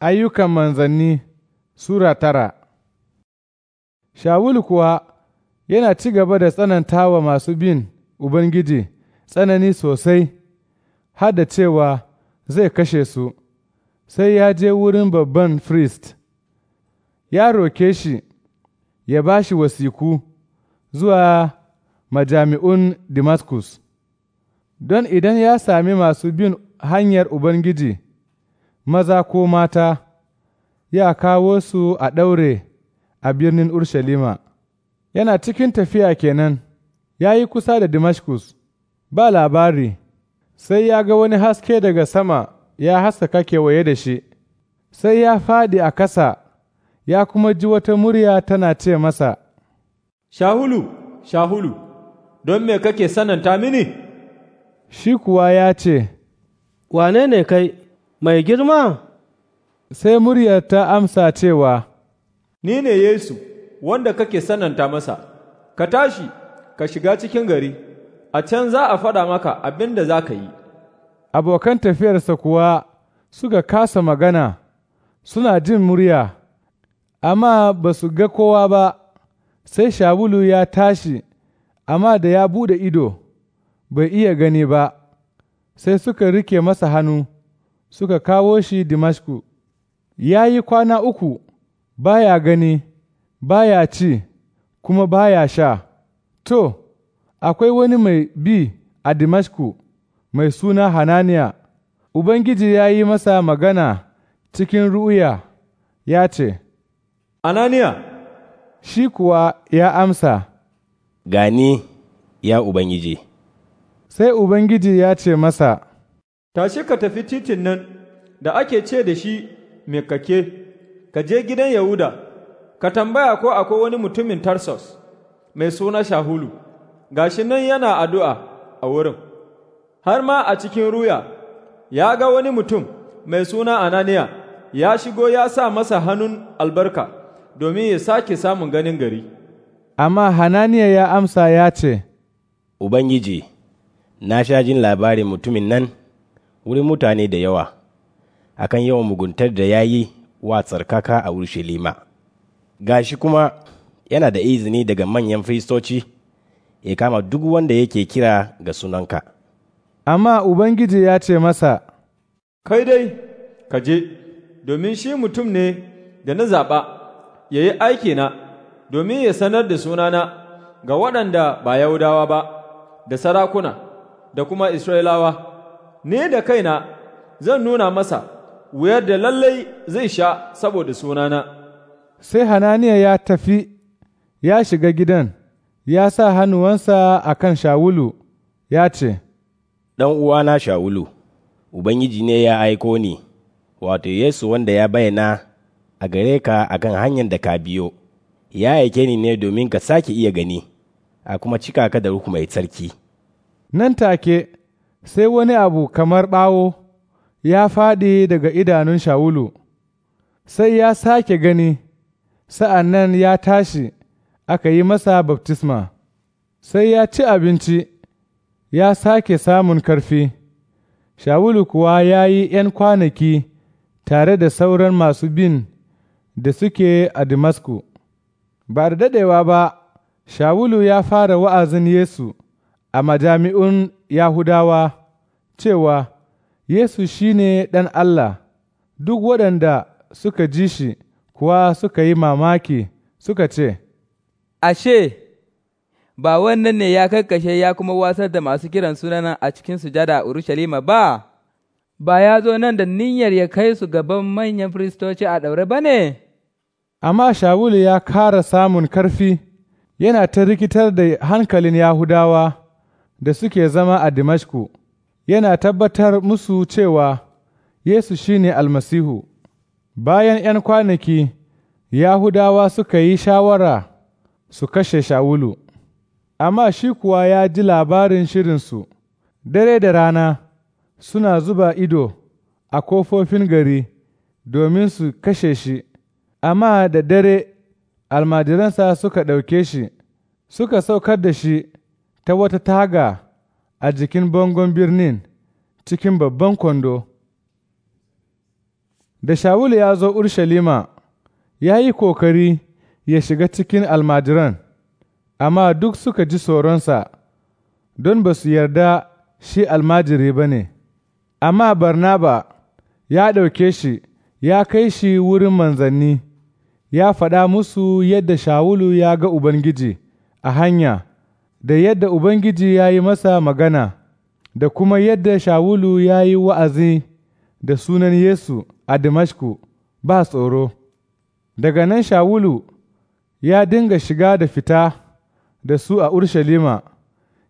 Ayyukan manzanni Sura tara Shawulu kuwa yana ci gaba da tsananta wa masu bin Ubangiji tsanani sosai, har da cewa zai kashe su, sai ya je wurin babban frist. Ya roke shi ya ba shi wasiku zuwa majami'un Damascus, don idan ya sami masu bin hanyar Ubangiji maza ko mata, ya kawo su a ɗaure a birnin Urshalima. Yana cikin tafiya kenan, ya yi kusa da Damascus, ba labari, sai ya ga wani haske daga sama ya haskaka kewaye da shi, sai ya faɗi a kasa, ya kuma ji wata murya tana ce masa, Shahulu, Shahulu, don me kake sananta mini? Shi kuwa ya ce, Wane ne kai? mai girma? Sai muryar ta amsa cewa, Ni ne Yesu, wanda kake sananta masa, ka tashi, ka shiga cikin gari, a can za a faɗa maka abin da za ka yi. Abokan tafiyarsa kuwa suka kasa magana, suna jin murya, amma ba su ga kowa ba, sai Shabulu ya tashi, amma da ya buɗe ido, bai iya gani ba, sai suka rike masa hannu. suka kawo shi Dimashku, ya yi kwana uku baya gani, baya ci, kuma baya sha. To, akwai wani mai bi a Dimashku mai suna Hananiya, Ubangiji ya yi masa magana cikin ru'uya, ya ce, Ananiya, shi kuwa ya amsa, Gani, ya Ubangiji. Sai Ubangiji ya ce masa, tashi ka tafi titin nan da ake ce da shi mekake, ka je gidan Yahuda, ka tambaya ko akwai wani mutumin Tarsus mai suna Shahulu, gashi nan yana addu'a a wurin, har ma a cikin ruya ya ga wani mutum mai suna Ananiya ya shigo ya sa masa hannun albarka domin ya sake samun ganin gari. Amma Hananiya ya amsa ya ce, Ubangiji, na sha jin labarin mutumin nan. wurin mutane da yawa akan yawan muguntar da ya yi wa tsarkaka a Urushalima. Gashi kuma yana da izini daga manyan firistoci ya kama duk wanda yake kira ga sunanka. Amma Ubangiji ya ce masa, Kai dai, ka je, domin shi mutum ne da na zaɓa, ya yi aikina domin ya sanar da sunana ga waɗanda ba Yahudawa ba, da sarakuna, da kuma Isra'ilawa. ne da kaina zan nuna masa wuyar da lallai zai sha saboda sunana. Sai Hananiya ya tafi, ya shiga gidan, ya sa hannuwansa a kan Shawulu, ya ce, Ɗan uwana Shawulu, Ubangiji ne ya aiko ni, wato Yesu wanda ya bayyana a gare ka a kan hanyar da ka biyo, ya aike ni ne domin ka sake iya gani, a kuma cika ka da ruku mai tsarki. Nan take, sai wani abu kamar ɓawo ya faɗi daga idanun Shawulu, sai ya sake gani, sa'an nan ya tashi aka yi masa baftisma, sai ya ci abinci, ya sake samun karfi. Shawulu kuwa ya yi ’yan kwanaki tare da sauran masu bin da suke a Damasku. Ba da daɗewa ba, Shawulu ya fara wa'azin Yesu a majami'un Yahudawa cewa Yesu shi ne ɗan Allah, duk waɗanda suka ji shi kuwa suka yi mamaki suka ce, Ashe, ba wannan ne ya karkashe ya kuma wasar da masu kiran sunana a cikin sujada a Urushalima ba, ba ya zo nan da niyyar ya kai su gaban manyan firistoci a ɗaure ba ne? Amma Shawulu ya kara samun karfi, yana ta rikitar da hankalin Yahudawa. da suke zama a Dimashku, yana tabbatar musu cewa Yesu shi ne almasihu. Bayan ’yan kwanaki, Yahudawa suka yi shawara su kashe Shawulu, amma shi kuwa ya ji labarin shirinsu, dare da rana suna zuba ido a kofofin gari domin su kashe shi, amma da dare almajiransa suka ɗauke shi, suka saukar da shi ta wata taga a jikin bangon birnin cikin babban kwando. Da Shawulu ya zo Urshalima, ya yi kokari ya shiga cikin almajiran, amma duk suka ji tsoronsa don ba su yarda shi almajiri ba ne. Amma Barnaba ya ɗauke shi, ya kai shi wurin manzanni, ya faɗa musu yadda Shawulu ya ga Ubangiji a hanya. da yadda Ubangiji ya yi masa magana, da kuma yadda Shawulu ya yi wa'azi da sunan Yesu a Damashku ba tsoro. Daga nan Shawulu ya dinga shiga da fita da su a Urshalima,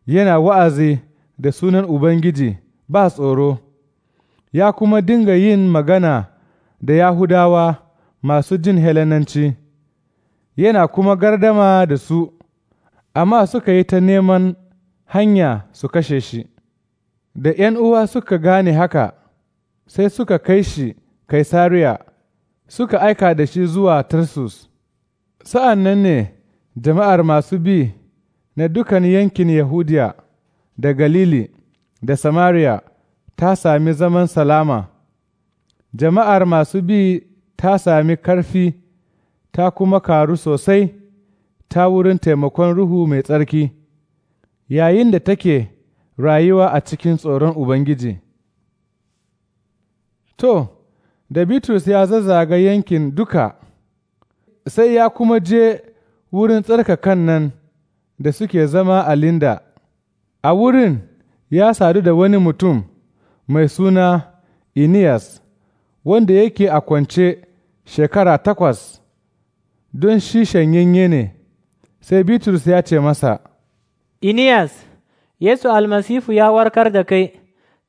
yana wa'azi da sunan Ubangiji ba tsoro, ya kuma dinga yin magana da Yahudawa masu jin Helenanci, yana kuma gardama da su. amma suka yi ta neman hanya su kashe shi, da ’yan uwa suka gane haka, sai suka kai shi Kaisariya, suka aika da shi zuwa Tarsus, sa'an nan ne jama'ar masu bi na dukan yankin Yahudiya da Galili da Samariya ta sami zaman salama, jama'ar masu bi ta sami karfi ta kuma karu sosai. ta wurin taimakon Ruhu mai tsarki, yayin da take rayuwa a cikin tsoron Ubangiji. To, da Bitrus ya zazzaga yankin duka, sai ya kuma je wurin tsarkakan nan da suke zama a Linda, a wurin ya sadu da wani mutum mai suna inias wanda yake a kwance shekara takwas, don shi shanyenye ne. sai Bitrus ya ce masa, Iniyas, Yesu almasifu ya warkar da kai,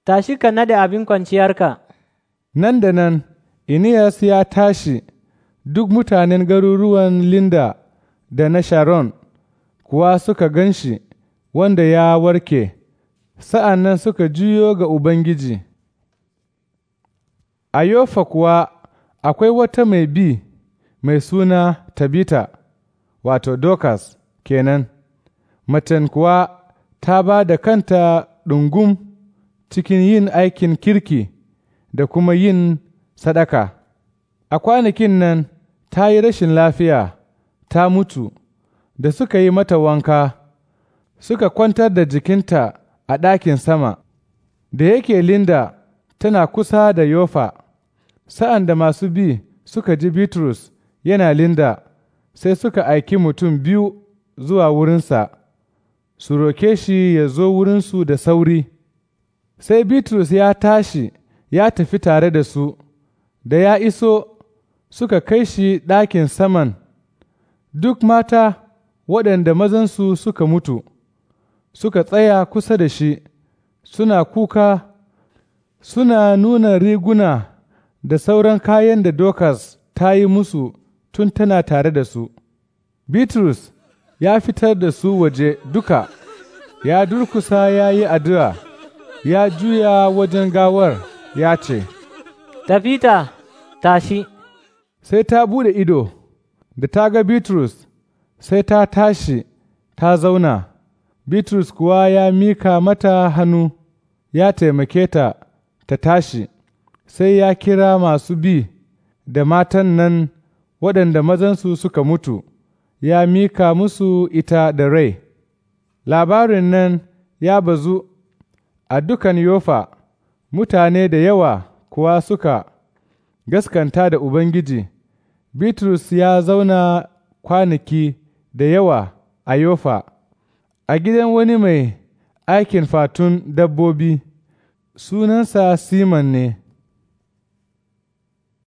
tashi ka nada abin kwanciyarka. Nan da nan, Iniyas ya tashi duk mutanen garuruwan Linda da na Sharon kuwa suka gan shi wanda ya warke, sa'an nan suka juyo ga Ubangiji. A Yofa kuwa akwai wata mai bi mai suna Tabita. wato Dokas kenan, macen kuwa ta ba da kanta ɗungum cikin yin aikin kirki da kuma yin sadaka. A kwanakin nan ta yi rashin lafiya, ta mutu, da suka yi mata wanka, suka kwantar da jikinta a ɗakin sama, da yake Linda tana kusa da Yofa, sa'an da masu bi suka ji Bitrus yana Linda. sai suka aiki mutum biyu zuwa wurinsa, su roke shi ya zo wurinsu da sauri. Sai Bitrus ya tashi ya tafi tare da su, da ya iso suka kai shi ɗakin saman, duk mata waɗanda mazansu suka mutu, suka tsaya kusa da shi, suna kuka, suna nuna riguna da sauran kayan da Dokas ta yi musu. tun tana tare da su. Bitrus ya fitar da su waje duka, ya durkusa ya yi addu'a, ya juya wajen gawar ya ce, Tafita tashi. Sai ta bude ido, da ta ga Bitrus, sai ta tashi, ta zauna. Bitrus kuwa ya mika mata hannu, ya taimake ta, ta tashi, sai ya kira masu bi da matan nan waɗanda mazansu suka mutu, ya mika musu ita da rai. Labarin nan ya bazu a dukan Yofa, mutane da yawa kuwa suka gaskanta da Ubangiji. Bitrus ya zauna kwanaki da yawa a Yofa, a gidan wani mai aikin fatun dabbobi, sunansa simon ne.